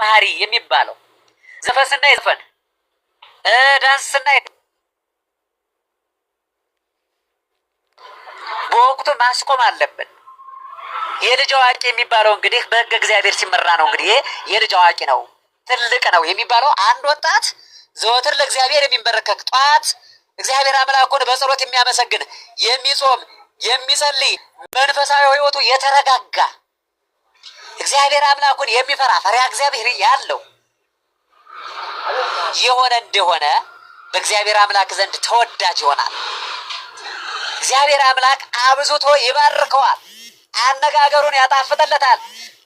ባህሪ የሚባለው ዘፈን ዘፈን ዳንስ ስናይ በወቅቱ ማስቆም አለብን። የልጅ አዋቂ የሚባለው እንግዲህ በህገ እግዚአብሔር ሲመራ ነው። እንግዲህ የልጅ አዋቂ ነው፣ ትልቅ ነው የሚባለው አንድ ወጣት ዘወትር ለእግዚአብሔር የሚንበረከክ ጠዋት እግዚአብሔር አምላኩን በጸሎት የሚያመሰግን የሚጾም የሚጸልይ መንፈሳዊ ህይወቱ የተረጋጋ እግዚአብሔር አምላኩን የሚፈራ ፈሪሃ እግዚአብሔር ያለው የሆነ እንደሆነ በእግዚአብሔር አምላክ ዘንድ ተወዳጅ ይሆናል። እግዚአብሔር አምላክ አብዝቶ ይባርከዋል። አነጋገሩን ያጣፍጠለታል።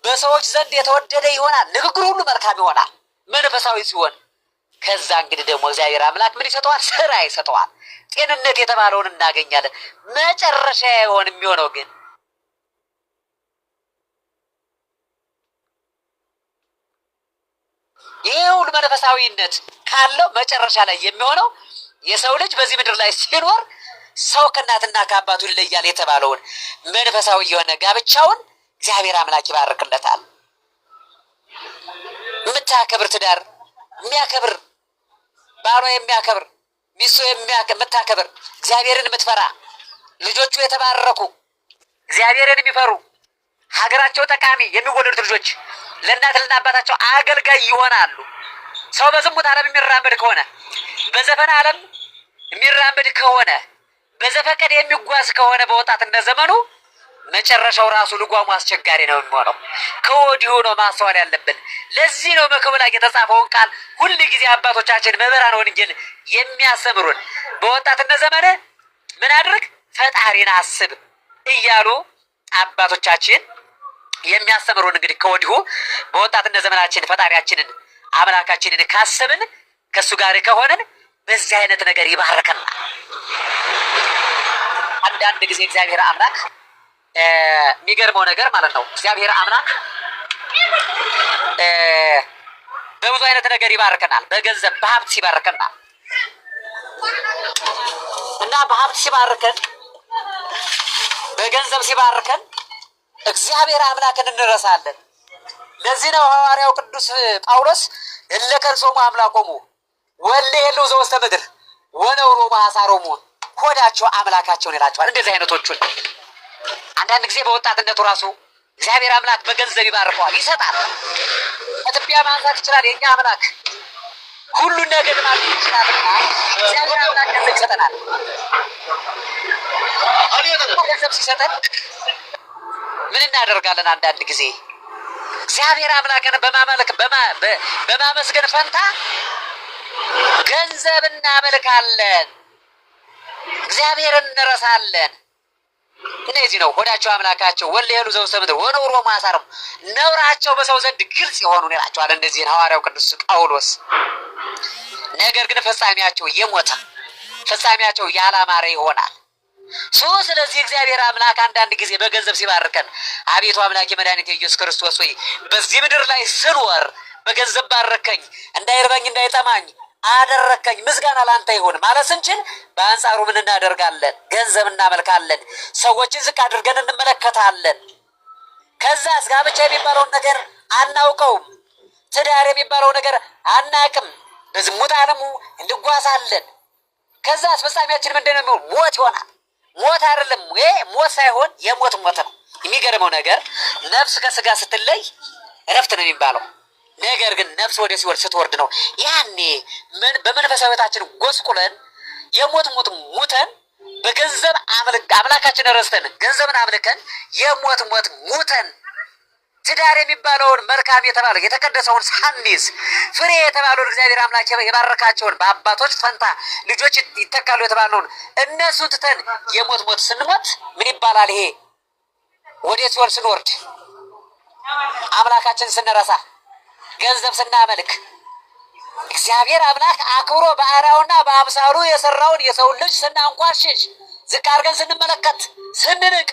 በሰዎች ዘንድ የተወደደ ይሆናል። ንግግሩ ሁሉ መልካም ይሆናል፣ መንፈሳዊ ሲሆን። ከዛ እንግዲህ ደግሞ እግዚአብሔር አምላክ ምን ይሰጠዋል? ስራ ይሰጠዋል። ጤንነት የተባለውን እናገኛለን። መጨረሻ የሆን የሚሆነው ግን ይህ ሁሉ መንፈሳዊነት ካለው መጨረሻ ላይ የሚሆነው የሰው ልጅ በዚህ ምድር ላይ ሲኖር ሰው ከእናትና ከአባቱ ይለያል የተባለውን መንፈሳዊ የሆነ ጋብቻውን እግዚአብሔር አምላክ ይባርክለታል። የምታከብር ትዳር የሚያከብር ባሏ የሚያከብር ሚስቱ የምታከብር እግዚአብሔርን የምትፈራ ልጆቹ የተባረኩ እግዚአብሔርን የሚፈሩ ሀገራቸው ጠቃሚ የሚወለዱት ልጆች ለእናትና አባታቸው አገልጋይ ይሆናሉ። ሰው በዝሙት ዓለም የሚራመድ ከሆነ በዘፈን ዓለም የሚራመድ ከሆነ በዘፈቀድ የሚጓዝ ከሆነ በወጣትነት ዘመኑ መጨረሻው ራሱ ልጓሙ አስቸጋሪ ነው የሚሆነው። ከወዲሁ ነው ማስተዋል ያለብን። ለዚህ ነው መክብብ ላይ የተጻፈውን ቃል ሁል ጊዜ አባቶቻችን መምህራን ወንጌል የሚያስተምሩን በወጣትነት ዘመን ምን አድርግ፣ ፈጣሪን አስብ እያሉ አባቶቻችን የሚያስተምሩን እንግዲህ ከወዲሁ በወጣትነት ዘመናችን ፈጣሪያችንን አምላካችንን ካሰብን ከእሱ ጋር ከሆንን በዚህ አይነት ነገር ይባርከናል። አንዳንድ ጊዜ እግዚአብሔር አምላክ የሚገርመው ነገር ማለት ነው። እግዚአብሔር አምላክ በብዙ አይነት ነገር ይባርከናል። በገንዘብ በሀብት ይባርከናል እና በሀብት ሲባርከን፣ በገንዘብ ሲባርከን እግዚአብሔር አምላክን እንረሳለን። ለዚህ ነው ሐዋርያው ቅዱስ ጳውሎስ እለ ከርሶሙ አምላኮሙ ወለ የለው ዘወስተ ምድር ወነውሮሙ አሳሮሙ ሆዳቸው አምላካቸውን ይላቸዋል። እንደዚህ አይነቶቹን አንዳንድ ጊዜ በወጣትነቱ ራሱ እግዚአብሔር አምላክ በገንዘብ ይባርከዋል፣ ይሰጣል። ከትቢያ ማንሳት ይችላል። የእኛ አምላክ ሁሉን ነገር ማለት ይችላል። እግዚአብሔር አምላክ ገንዘብ ይሰጠናል። ገንዘብ ሲሰጠን ምን እናደርጋለን? አንዳንድ ጊዜ እግዚአብሔር አምላክን በማመልክ በማመስገን ፈንታ ገንዘብ እናመልካለን፣ እግዚአብሔርን እንረሳለን። እነዚህ ነው ሆዳቸው አምላካቸው ወለሄሉ ዘውሰምድር ወነውሮ ማሳርም ነውራቸው በሰው ዘንድ ግልጽ የሆኑ ይላቸዋል። እነዚህን ሐዋርያው ቅዱስ ጳውሎስ ነገር ግን ፍጻሜያቸው የሞተ ፍጻሜያቸው ያላማረ ይሆናል። ሶ ስለዚህ እግዚአብሔር አምላክ አንዳንድ ጊዜ በገንዘብ ሲባርከን፣ አቤቱ አምላኬ የመድኃኒት የኢየሱስ ክርስቶስ ሆይ በዚህ ምድር ላይ ስኖር በገንዘብ ባረከኝ፣ እንዳይርበኝ እንዳይጠማኝ አደረከኝ ምስጋና ላንተ ይሁን ማለት ስንችል፣ በአንጻሩ ምን እናደርጋለን? ገንዘብ እናመልካለን። ሰዎችን ዝቅ አድርገን እንመለከታለን። ከዛ ጋብቻ የሚባለውን ነገር አናውቀውም። ትዳር የሚባለው ነገር አናቅም። በዝሙት ዓለሙ እንጓዛለን። ከዛ አስፈጻሚያችን ምንድን ሞት ይሆናል። ሞት አይደለም ወይ ሞት ሳይሆን የሞት ሞት ነው። የሚገርመው ነገር ነፍስ ከስጋ ስትለይ እረፍት ነው የሚባለው። ነገር ግን ነፍስ ወደ ሲወርድ ስትወርድ ነው ያኔ በመንፈሳዊ ጎስቁለን የሞት ሞት ሙተን በገንዘብ አምላካችን ረስተን ገንዘብን አምልከን የሞት ሞት ሙተን ትዳር የሚባለውን መልካም የተባለ የተቀደሰውን ሳንይዝ ፍሬ የተባለውን እግዚአብሔር አምላክ የባረካቸውን በአባቶች ፈንታ ልጆች ይተካሉ የተባለውን እነሱ ትተን የሞት ሞት ስንሞት ምን ይባላል? ይሄ ወደ ሲኦል ስንወርድ፣ አምላካችን ስንረሳ፣ ገንዘብ ስናመልክ እግዚአብሔር አምላክ አክብሮ በአርአያውና በአምሳሉ የሰራውን የሰውን ልጅ ስናንቋሽሽ፣ ዝቅ አድርገን ስንመለከት፣ ስንንቅ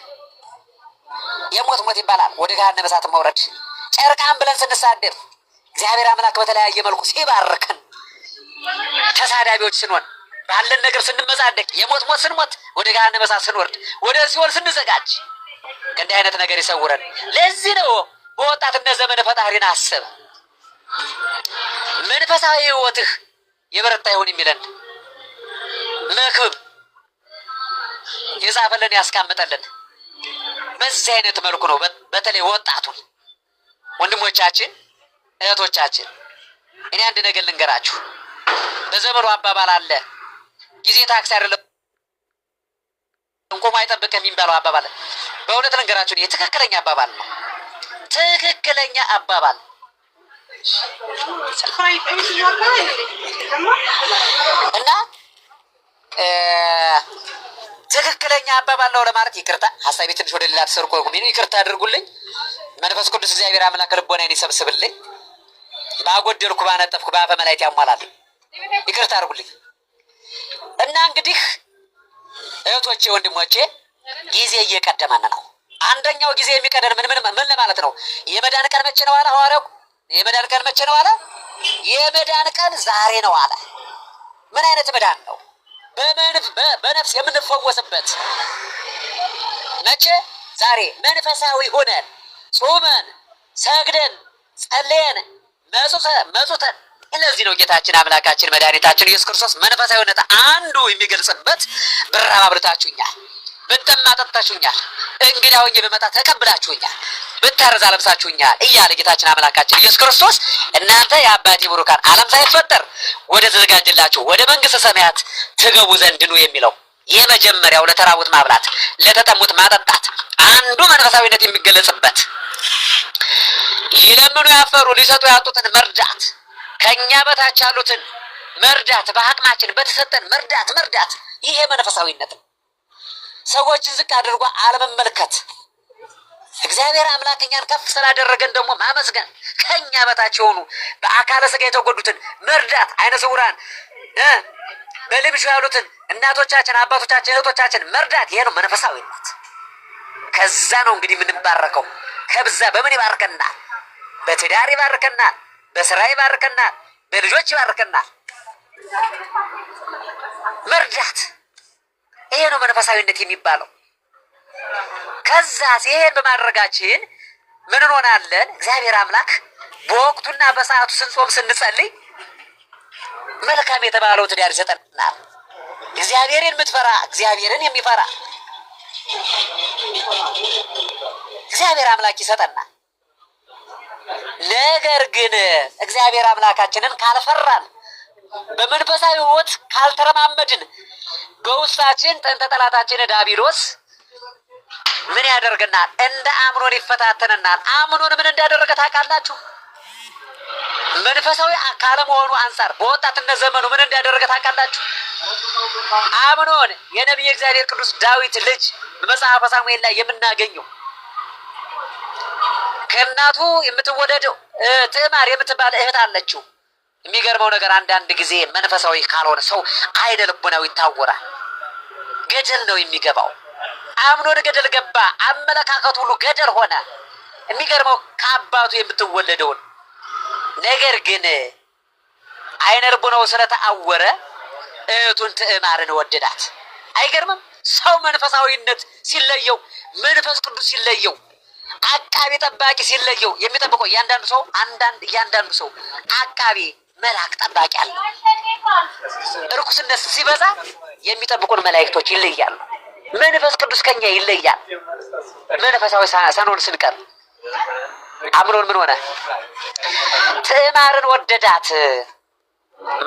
የሞት ሞት ይባላል። ወደ ገሃነመ እሳት መውረድ ጨርቃን ብለን ስንሳደብ እግዚአብሔር አምላክ በተለያየ መልኩ ሲባርክን ተሳዳቢዎች ስንሆን ባለን ነገር ስንመጻደቅ የሞት ሞት ስንሞት ወደ ገሃነመ እሳት ስንወርድ ወደ ሲኦል ስንዘጋጅ ከእንዲህ አይነት ነገር ይሰውረን። ለዚህ ነው በወጣትነት ዘመን ፈጣሪን አስብ፣ መንፈሳዊ ሕይወትህ የበረታ ይሁን የሚለን መክብብ የጻፈልን ያስቀምጠልን። በዚህ አይነት መልኩ ነው። በተለይ ወጣቱን ወንድሞቻችን፣ እህቶቻችን እኔ አንድ ነገር ልንገራችሁ። በዘመኑ አባባል አለ ጊዜ ታክሲ አይደለም እንቆም አይጠብቅም የሚባለው አባባል በእውነት ልንገራችሁ፣ የትክክለኛ አባባል ነው። ትክክለኛ አባባል እና ትክክለኛ አባባል ነው ለማለት ይቅርታ፣ ሀሳቤ ትንሽ ወደ ሌላ ተሰርኮ ሚኑ ይቅርታ አድርጉልኝ። መንፈስ ቅዱስ እግዚአብሔር አምላክ ልቦናዬን ይሰብስብልኝ። ባጎደልኩ ባነጠፍኩ በአፈ መላእክት ያሟላል። ይቅርታ አድርጉልኝ። እና እንግዲህ እህቶቼ ወንድሞቼ ጊዜ እየቀደመን ነው። አንደኛው ጊዜ የሚቀደን ምን ምን ምን ለማለት ነው? የመዳን ቀን መቼ ነው አለ ሐዋርያው። የመዳን ቀን መቼ ነው አለ? የመዳን ቀን ዛሬ ነው አለ። ምን አይነት መዳን ነው? በነፍስ የምንፈወስበት መቼ? ዛሬ መንፈሳዊ ሆነን ጾመን፣ ሰግደን፣ ጸልየን መጹተን። እነዚህ ነው ጌታችን አምላካችን መድኃኒታችን ኢየሱስ ክርስቶስ መንፈሳዊነት አንዱ የሚገልጽበት ብራብ አብልታችሁኛል፣ ብጠማ ጠጥታችሁኛል፣ እንግዳ ሆኜ በመጣ ተቀብላችሁኛል ብታረዝ አለብሳችሁኛል እያለ ጌታችን አምላካችን ኢየሱስ ክርስቶስ እናንተ የአባቴ ብሩካን ዓለም ሳይፈጠር ወደ ተዘጋጀላችሁ ወደ መንግስተ ሰማያት ትገቡ ዘንድ ኑ የሚለው የመጀመሪያው ለተራቡት ማብላት፣ ለተጠሙት ማጠጣት አንዱ መንፈሳዊነት የሚገለጽበት ሊለምኑ ያፈሩ ሊሰጡ ያጡትን መርዳት፣ ከኛ በታች ያሉትን መርዳት፣ በአቅማችን በተሰጠን መርዳት መርዳት፣ ይሄ መንፈሳዊነት ነው። ሰዎችን ዝቅ አድርጎ አለመመልከት እግዚአብሔር አምላክ እኛን ከፍ ስላደረገን ደግሞ ማመስገን፣ ከኛ በታች የሆኑ በአካለ ስጋ የተጎዱትን መርዳት፣ አይነ ስውራን በልብሹ ያሉትን እናቶቻችን፣ አባቶቻችን፣ እህቶቻችን መርዳት፣ ይሄ ነው መንፈሳዊነት። ከዛ ነው እንግዲህ የምንባረከው። ከብዛ በምን ይባርከናል? በትዳር ይባርከናል፣ በስራ ይባርከናል፣ በልጆች ይባርከናል። መርዳት፣ ይሄ ነው መንፈሳዊነት የሚባለው። ከዛ ይሄን በማድረጋችን ምን እንሆናለን? እግዚአብሔር አምላክ በወቅቱና በሰዓቱ ስንጾም ስንጸልይ መልካም የተባለው ትዳር ይሰጠናል። እግዚአብሔርን የምትፈራ እግዚአብሔርን የሚፈራ እግዚአብሔር አምላክ ይሰጠናል። ነገር ግን እግዚአብሔር አምላካችንን ካልፈራን በመንፈሳዊ ሕይወት ካልተረማመድን በውስጣችን ጥንተ ጠላታችን ምን ያደርግናል? እንደ አምኖን ይፈታተንናል። አምኖን ምን እንዳደረገ ታውቃላችሁ? መንፈሳዊ ካለመሆኑ አንጻር በወጣትነት ዘመኑ ምን እንዳደረገ ታውቃላችሁ? አምኖን የነቢይ እግዚአብሔር ቅዱስ ዳዊት ልጅ በመጽሐፈ ሳሙኤል ላይ የምናገኘው ከእናቱ የምትወለደው ትዕማር የምትባል እህት አለችው። የሚገርመው ነገር አንዳንድ ጊዜ መንፈሳዊ ካልሆነ ሰው አይነ ልቡናው ይታወራል፣ ገደል ነው የሚገባው። አምኖ ገደል ገባ። አመለካከቱ ሁሉ ገደል ሆነ። የሚገርመው ከአባቱ የምትወለደውን ነገር ግን አይነ ልቡናው ስለተአወረ እህቱን ትዕማርን ወደዳት። አይገርምም? ሰው መንፈሳዊነት ሲለየው፣ መንፈስ ቅዱስ ሲለየው፣ አቃቢ ጠባቂ ሲለየው የሚጠብቀው እያንዳንዱ ሰው አንዳንድ እያንዳንዱ ሰው አቃቢ መልአክ ጠባቂ አለ። እርኩስነት ሲበዛ የሚጠብቁን መላእክቶች ይለያሉ። መንፈስ ቅዱስ ከኛ ይለያል። መንፈሳዊ ሳንሆን ስንቀር አምኖን ምን ሆነ? ትዕማርን ወደዳት።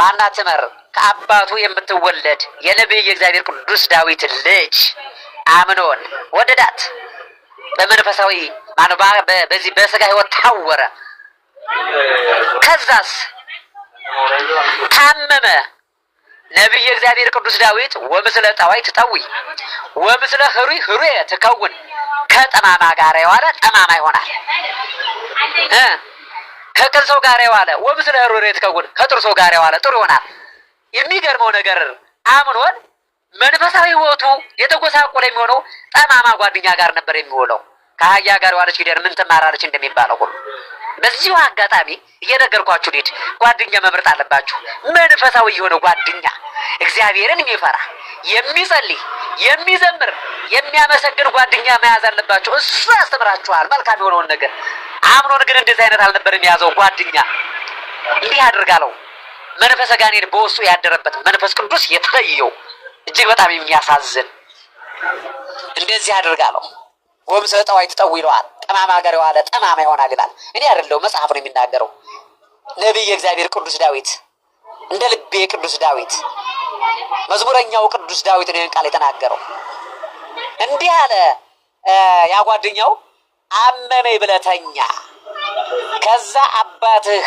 ማና ትዕማር? ከአባቱ የምትወለድ የነቢይ የእግዚአብሔር ቅዱስ ዳዊት ልጅ አምኖን ወደዳት። በመንፈሳዊ በዚህ በስጋ ህይወት ታወረ። ከዛስ ታመመ ነቢይ እግዚአብሔር ቅዱስ ዳዊት ወምስለ ጣዋይ ትጠዊ ወምስለ ህሩይ ህሩየ ትከውን ከጠማማ ጋር የዋለ ጠማማ ይሆናል ከቅን ሰው ጋር የዋለ ወምስለ ህሩይ ትከውን ከጥሩ ሰው ጋር የዋለ ጥሩ ይሆናል። የሚገርመው ነገር አምኖን መንፈሳዊ ህይወቱ የተጎሳቆለ የሚሆነው ጠማማ ጓደኛ ጋር ነበር የሚውለው። ከአህያ ጋር የዋለች ጊደር ምን ትማራለች እንደሚባለው ሁሉ በዚሁ አጋጣሚ እየነገርኳችሁ ልሂድ። ጓደኛ መምረጥ አለባችሁ። መንፈሳዊ የሆነ ጓደኛ፣ እግዚአብሔርን የሚፈራ የሚጸልይ፣ የሚዘምር፣ የሚያመሰግን ጓደኛ መያዝ አለባችሁ። እሱ ያስተምራችኋል መልካም የሆነውን ነገር። አምኖን ግን እንደዚህ አይነት አልነበረም የያዘው ጓደኛ። እንዲህ አድርጋለው መንፈሰ ጋኔን በውስጡ ያደረበት መንፈስ ቅዱስ የተለየው እጅግ በጣም የሚያሳዝን እንደዚህ አድርጋለው ወምሰጠዋ አይትጠው ይለዋል ጠማማ ሀገር የዋለ ጠማማ ይሆናል ይላል። እኔ አይደለው መጽሐፍ ነው የሚናገረው። ነቢይ የእግዚአብሔር ቅዱስ ዳዊት እንደ ልቤ ቅዱስ ዳዊት መዝሙረኛው ቅዱስ ዳዊት ነው ቃል የተናገረው። እንዲህ አለ ያጓደኛው ጓደኛው አመመኝ ብለተኛ ከዛ አባትህ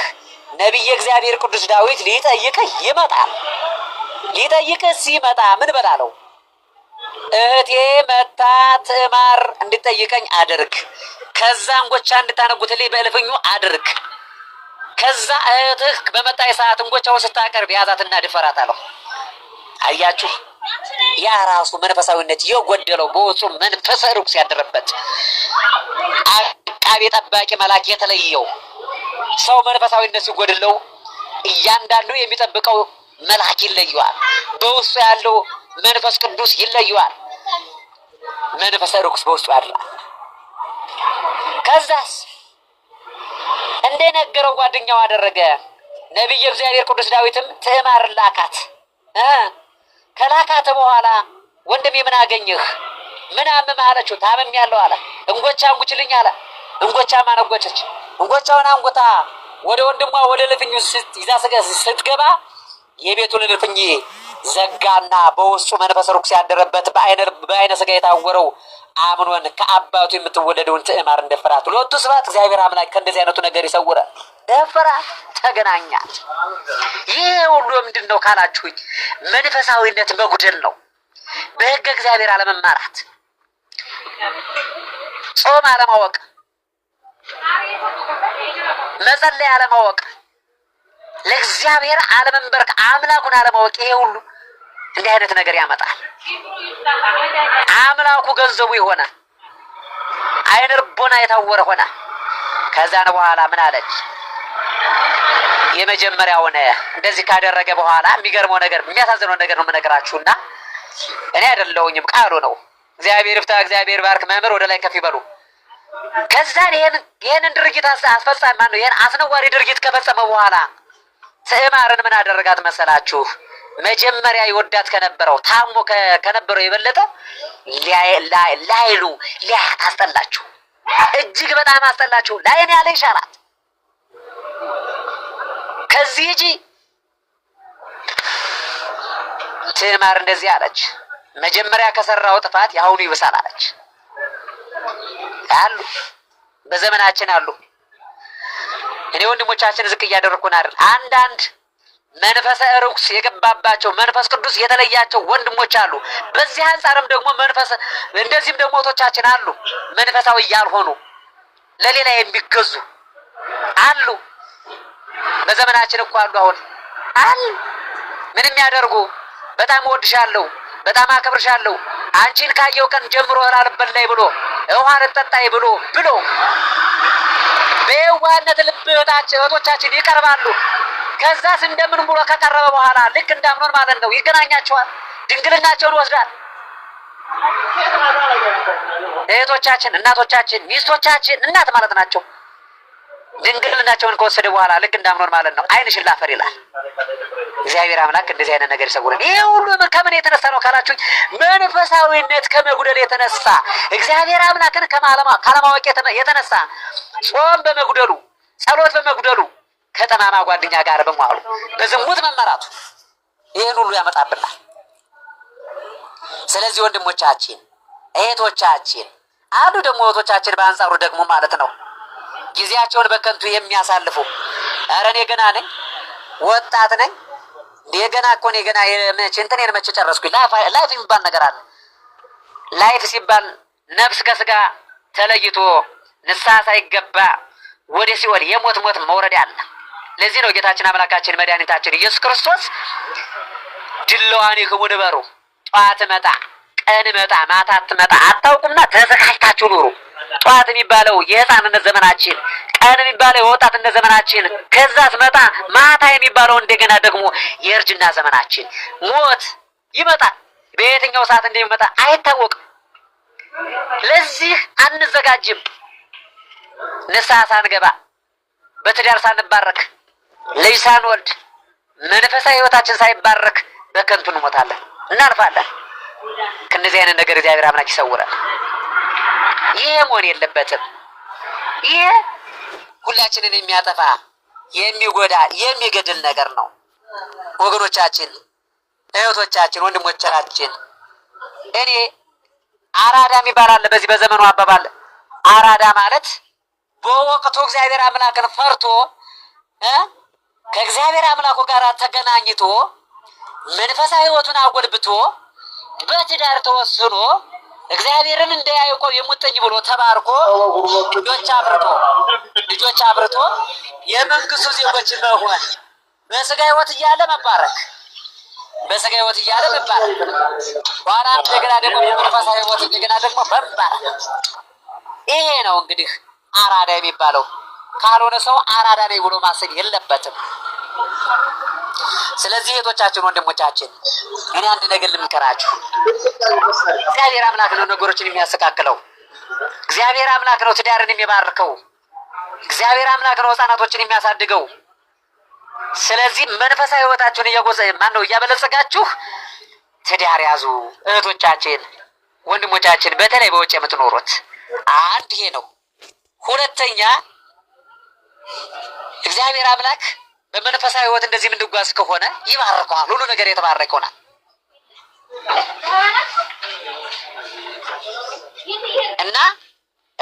ነቢይ እግዚአብሔር ቅዱስ ዳዊት ሊጠይቅህ ይመጣል። ሊጠይቅህ ሲመጣ ምን በላለው? እህቴ መታ ትዕማር እንድጠይቀኝ አድርግ ከዛ እንጎቻ እንድታነጉትልኝ በእልፍኙ አድርግ። ከዛ እህትህ በመጣ የሰዓት እንጎቻውን ስታቀርብ ያዛትና ድፈራት አለው። አያችሁ፣ ያ ራሱ መንፈሳዊነት የጎደለው በውስጡ መንፈሰ ርኩስ ያደረበት አቃቤ ጠባቂ መልአክ የተለየው ሰው መንፈሳዊነት ሲጎድለው እያንዳንዱ የሚጠብቀው መልአክ ይለየዋል። በውስጡ ያለው መንፈስ ቅዱስ ይለየዋል። መንፈሰ ርኩስ በውስጡ ያድራል። ከዛስ እንደነገረው ጓደኛው አደረገ። ነቢየ እግዚአብሔር ቅዱስ ዳዊትም ትዕማር ላካት። ከላካት በኋላ ወንድሜ ምን አገኘህ? ምን አመመህ አለችው። ያለው አለ። እንጎቻ አንጉችልኝ አለ። እንጎቻ ማነጎቸች። እንጎቻውን አንጎታ ወደ ወንድሟ ወደ ልፍኙ ይዛ ስትገባ የቤቱን ልፍኝ ዘጋና በውስጡ መንፈስ ርኩስ ያደረበት በአይነ ስጋ የታወረው አምኖን ከአባቱ የምትወለደውን ትዕማር እንደፈራት ሁለቱ ስብሐት እግዚአብሔር አምላክ ከእንደዚህ አይነቱ ነገር ይሰውራል። ደፈራ ተገናኛል። ይህ ሁሉ ምንድን ነው ካላችሁኝ፣ መንፈሳዊነት መጉደል ነው። በህገ እግዚአብሔር አለመማራት፣ ጾም አለማወቅ፣ መጸለይ አለማወቅ፣ ለእግዚአብሔር አለመንበርክ፣ አምላኩን አለማወቅ ይሄ ሁሉ እንዲህ አይነት ነገር ያመጣል። አምላኩ ገንዘቡ የሆነ አይነ ልቦና የታወረ ሆነ። ከዛን በኋላ ምን አለች? የመጀመሪያውን እንደዚህ ካደረገ በኋላ የሚገርመው ነገር የሚያሳዝነው ነገር ነው የምነግራችሁና እኔ አይደለሁኝም ቃሉ ነው። እግዚአብሔር ይፍታ፣ እግዚአብሔር ባርክ። መምህር ወደ ላይ ከፍ ይበሉ። ከዛን ይህንን ድርጊት አስፈጻሚ ማን ነው? ይህን አስነዋሪ ድርጊት ከፈጸመ በኋላ ትዕማርን ምን አደረጋት መሰላችሁ? መጀመሪያ ይወዳት ከነበረው ታሞ ከነበረው የበለጠ ላይሉ ሊያያት አስጠላችሁ፣ እጅግ በጣም አስጠላችሁ። ላይን ያለ ይሻላት ከዚህ እጂ። ትዕማር እንደዚህ አለች፣ መጀመሪያ ከሰራው ጥፋት የአሁኑ ይብሳል አለች። አሉ በዘመናችን አሉ። እኔ ወንድሞቻችን ዝቅ እያደረግኩን አይደል አንዳንድ መንፈሰ ርኩስ የገባባቸው መንፈስ ቅዱስ የተለያቸው ወንድሞች አሉ። በዚህ አንጻርም ደግሞ መንፈስ እንደዚህም ደግሞ እህቶቻችን አሉ፣ መንፈሳዊ ያልሆኑ ለሌላ የሚገዙ አሉ። በዘመናችን እኮ አሉ። አሁን አሉ ምን የሚያደርጉ በጣም እወድሻለሁ፣ በጣም አከብርሻለሁ፣ አንቺን ካየው ቀን ጀምሮ አልበላይ ብሎ ውሃ ልጠጣይ ብሎ ብሎ በየዋህነት ልብ እህቶቻችን ይቀርባሉ። ከዛስ እንደምን ብሎ ከቀረበ በኋላ ልክ እንዳምኖን ማለት ነው ይገናኛቸዋል። ድንግልናቸውን ይወስዳል። እህቶቻችን፣ እናቶቻችን፣ ሚስቶቻችን እናት ማለት ናቸው። ድንግልናቸውን ከወሰደ በኋላ ልክ እንዳምኖን ማለት ነው ዓይንሽን ላፈር ይላል። እግዚአብሔር አምላክ እንደዚህ አይነት ነገር ይሰውረን። ይሄ ሁሉ ከምን የተነሳ ነው ካላችሁኝ፣ መንፈሳዊነት ከመጉደል የተነሳ እግዚአብሔር አምላክን ካለማወቅ የተነሳ ጾም በመጉደሉ ጸሎት በመጉደሉ ከጠማማ ጓደኛ ጋር በመዋሉ በዝሙት መመራቱ ይህን ሁሉ ያመጣብናል። ስለዚህ ወንድሞቻችን እህቶቻችን አሉ ደግሞ እህቶቻችን በአንጻሩ ደግሞ ማለት ነው ጊዜያቸውን በከንቱ የሚያሳልፉ ኧረ እኔ ገና ነኝ ወጣት ነኝ የገና እኮ እኔ ገና የመቼ እንትን የመቼ ጨረስኩኝ ላይፍ የሚባል ነገር አለ። ላይፍ ሲባል ነፍስ ከስጋ ተለይቶ ንስሐ ሳይገባ ወደ ሲኦል የሞት ሞት መውረድ አለ። ለዚህ ነው ጌታችን አምላካችን መድኃኒታችን ኢየሱስ ክርስቶስ ድለዋን ይክሙን በሩ ጠዋት መጣ ቀን መጣ ማታ አትመጣ አታውቁምና ተዘጋጅታችሁ ኑሩ። ጠዋት የሚባለው የህፃንነት ዘመናችን፣ ቀን የሚባለው የወጣትነት ዘመናችን፣ ከዛ ስመጣ ማታ የሚባለው እንደገና ደግሞ የእርጅና ዘመናችን። ሞት ይመጣል፣ በየትኛው ሰዓት እንደሚመጣ አይታወቅም። ለዚህ አንዘጋጅም፣ ንስሐ ሳንገባ፣ በትዳር ሳንባረክ ልጅ ሳንወልድ መንፈሳዊ ህይወታችን ሳይባረክ በከንቱ እንሞታለን፣ እናልፋለን። ከእንደዚህ አይነት ነገር እግዚአብሔር አምላክ ይሰውራል። ይሄ መሆን የለበትም። ይሄ ሁላችንን የሚያጠፋ የሚጎዳ፣ የሚገድል ነገር ነው። ወገኖቻችን፣ እህቶቻችን፣ ወንድሞቻችን እኔ አራዳ የሚባል አለ። በዚህ በዘመኑ አባባል አራዳ ማለት በወቅቱ እግዚአብሔር አምላክን ፈርቶ ከእግዚአብሔር አምላኩ ጋር ተገናኝቶ መንፈሳዊ ህይወቱን አጎልብቶ በትዳር ተወስኖ እግዚአብሔርን እንደ ያዕቆብ የሙጥኝ ብሎ ተባርኮ ልጆች አብርቶ ልጆች አብርቶ የመንግስቱ ዜጎች መሆን በስጋ ህይወት እያለ መባረክ በስጋ ህይወት እያለ መባረክ በኋላ እንደገና ደግሞ የመንፈሳዊ ህይወት እንደገና ደግሞ መባረክ ይሄ ነው እንግዲህ አራዳ የሚባለው። ካልሆነ ሰው አራዳ ነኝ ብሎ ማሰብ የለበትም። ስለዚህ እህቶቻችን፣ ወንድሞቻችን እኔ አንድ ነገር ልምከራችሁ። እግዚአብሔር አምላክ ነው ነገሮችን የሚያስተካክለው። እግዚአብሔር አምላክ ነው ትዳርን የሚባርከው። እግዚአብሔር አምላክ ነው ህጻናቶችን የሚያሳድገው። ስለዚህ መንፈሳዊ ህይወታችሁን እያጎሰ ማን ነው እያበለጸጋችሁ ትዳር ያዙ እህቶቻችን፣ ወንድሞቻችን በተለይ በውጭ የምትኖሩት አንድ ይሄ ነው። ሁለተኛ እግዚአብሔር አምላክ በመንፈሳዊ ህይወት እንደዚህ የምንጓዝ ከሆነ ይባርከዋል። ሁሉ ነገር የተባረከ ይሆናል። እና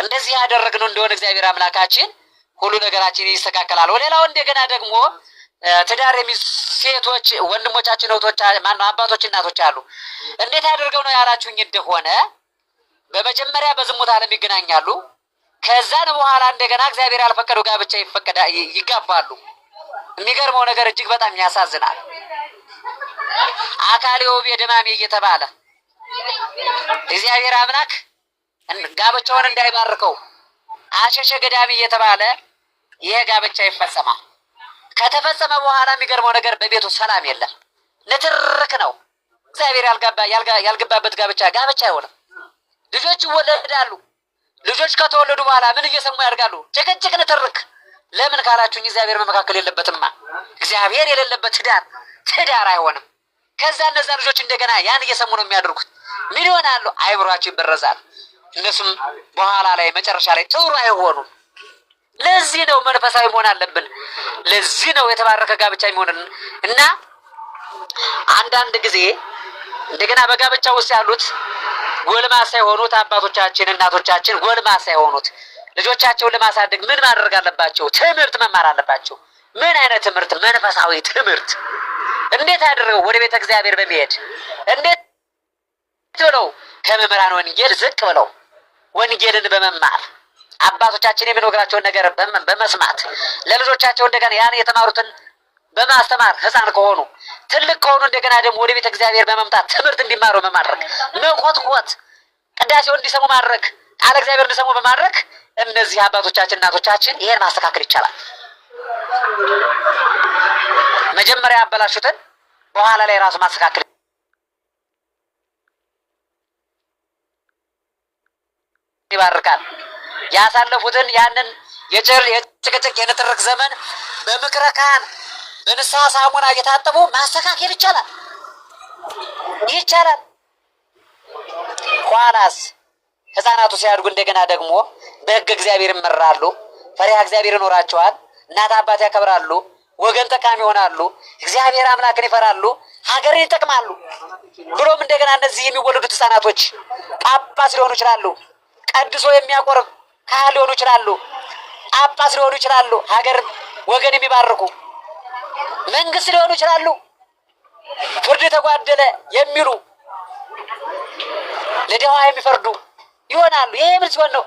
እንደዚህ ያደረግነው እንደሆነ እግዚአብሔር አምላካችን ሁሉ ነገራችን ይስተካከላል። ሌላው እንደገና ደግሞ ትዳር ሴቶች ወንድሞቻችን፣ እህቶች፣ ማነው አባቶች፣ እናቶች አሉ። እንዴት ያደርገው ነው ያላችሁኝ እንደሆነ በመጀመሪያ በዝሙት ዓለም ይገናኛሉ። ከዛን በኋላ እንደገና እግዚአብሔር ያልፈቀደው ጋብቻ ይፈቀዳ ይጋባሉ። የሚገርመው ነገር እጅግ በጣም ያሳዝናል። አካል የውብ ቤደማሜ እየተባለ እግዚአብሔር አምላክ ጋብቻውን እንዳይባርከው አሸሸ ገዳሚ እየተባለ ይሄ ጋብቻ ይፈጸማል። ከተፈጸመ በኋላ የሚገርመው ነገር በቤቱ ሰላም የለም፣ ንትርክ ነው። እግዚአብሔር ያልገባበት ጋብቻ ጋብቻ አይሆንም። ልጆች ይወለዳሉ። ልጆች ከተወለዱ በኋላ ምን እየሰሙ ያድጋሉ? ጭቅጭቅ፣ ንትርክ። ለምን ካላችሁኝ እግዚአብሔር በመካከል የለበትማ። እግዚአብሔር የሌለበት ትዳር ትዳር አይሆንም። ከዛ እነዛ ልጆች እንደገና ያን እየሰሙ ነው የሚያደርጉት። ምን ይሆናሉ? አይምሯቸው ይበረዛል። እነሱም በኋላ ላይ መጨረሻ ላይ ጥሩ አይሆኑም። ለዚህ ነው መንፈሳዊ መሆን አለብን። ለዚህ ነው የተባረከ ጋብቻ የሚሆንልን እና አንዳንድ ጊዜ እንደገና በጋብቻ ውስጥ ያሉት ጎልማሳ የሆኑት አባቶቻችን እናቶቻችን ጎልማሳ የሆኑት ልጆቻቸውን ለማሳደግ ምን ማድረግ አለባቸው? ትምህርት መማር አለባቸው። ምን አይነት ትምህርት? መንፈሳዊ ትምህርት። እንዴት አድርገው? ወደ ቤተ እግዚአብሔር በመሄድ እንዴት ብለው? ከመምህራን ወንጌል ዝቅ ብለው ወንጌልን በመማር አባቶቻችን የሚነግራቸውን ነገር በመስማት ለልጆቻቸው እንደገና ያን የተማሩትን በማስተማር ህፃን ከሆኑ ትልቅ ከሆኑ እንደገና ደግሞ ወደ ቤተ እግዚአብሔር በመምጣት ትምህርት እንዲማሩ በማድረግ መኮትኮት፣ ቅዳሴውን እንዲሰሙ ማድረግ፣ ቃለ እግዚአብሔር እንዲሰሙ በማድረግ እነዚህ አባቶቻችን እናቶቻችን ይሄን ማስተካከል ይቻላል። መጀመሪያ ያበላሹትን በኋላ ላይ ራሱ ማስተካከል ይባርካል። ያሳለፉትን ያንን የጭር የጭቅጭቅ የንትርክ ዘመን በምክረ ካህን በንስሐ ሳሙና እየታጠቡ ማስተካከል ይቻላል ይቻላል። ኋላስ ህፃናቱ ሲያድጉ እንደገና ደግሞ በህገ እግዚአብሔር ይመራሉ። ፈሪሃ እግዚአብሔር ይኖራቸዋል። እናት አባት ያከብራሉ። ወገን ጠቃሚ ይሆናሉ። እግዚአብሔር አምላክን ይፈራሉ። ሀገርን ይጠቅማሉ። ብሎም እንደገና እነዚህ የሚወለዱት ህፃናቶች ጳጳስ ሊሆኑ ይችላሉ። ቀድሶ የሚያቆርብ ካህን ሊሆኑ ይችላሉ። ጳጳስ ሊሆኑ ይችላሉ። ሀገር ወገን የሚባርኩ መንግስት ሊሆኑ ይችላሉ። ፍርድ ተጓደለ የሚሉ ለደዋ የሚፈርዱ ይሆናሉ። ይሄ ምን ሲሆን ነው?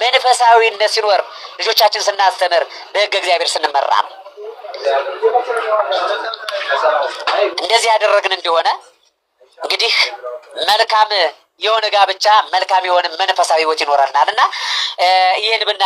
መንፈሳዊነት ሲኖር ልጆቻችን ስናስተምር በህገ እግዚአብሔር ስንመራ ነው። እንደዚህ ያደረግን እንደሆነ እንግዲህ መልካም የሆነ ጋብቻ መልካም የሆነ መንፈሳዊ ህይወት ይኖረናል እና ይህን ብና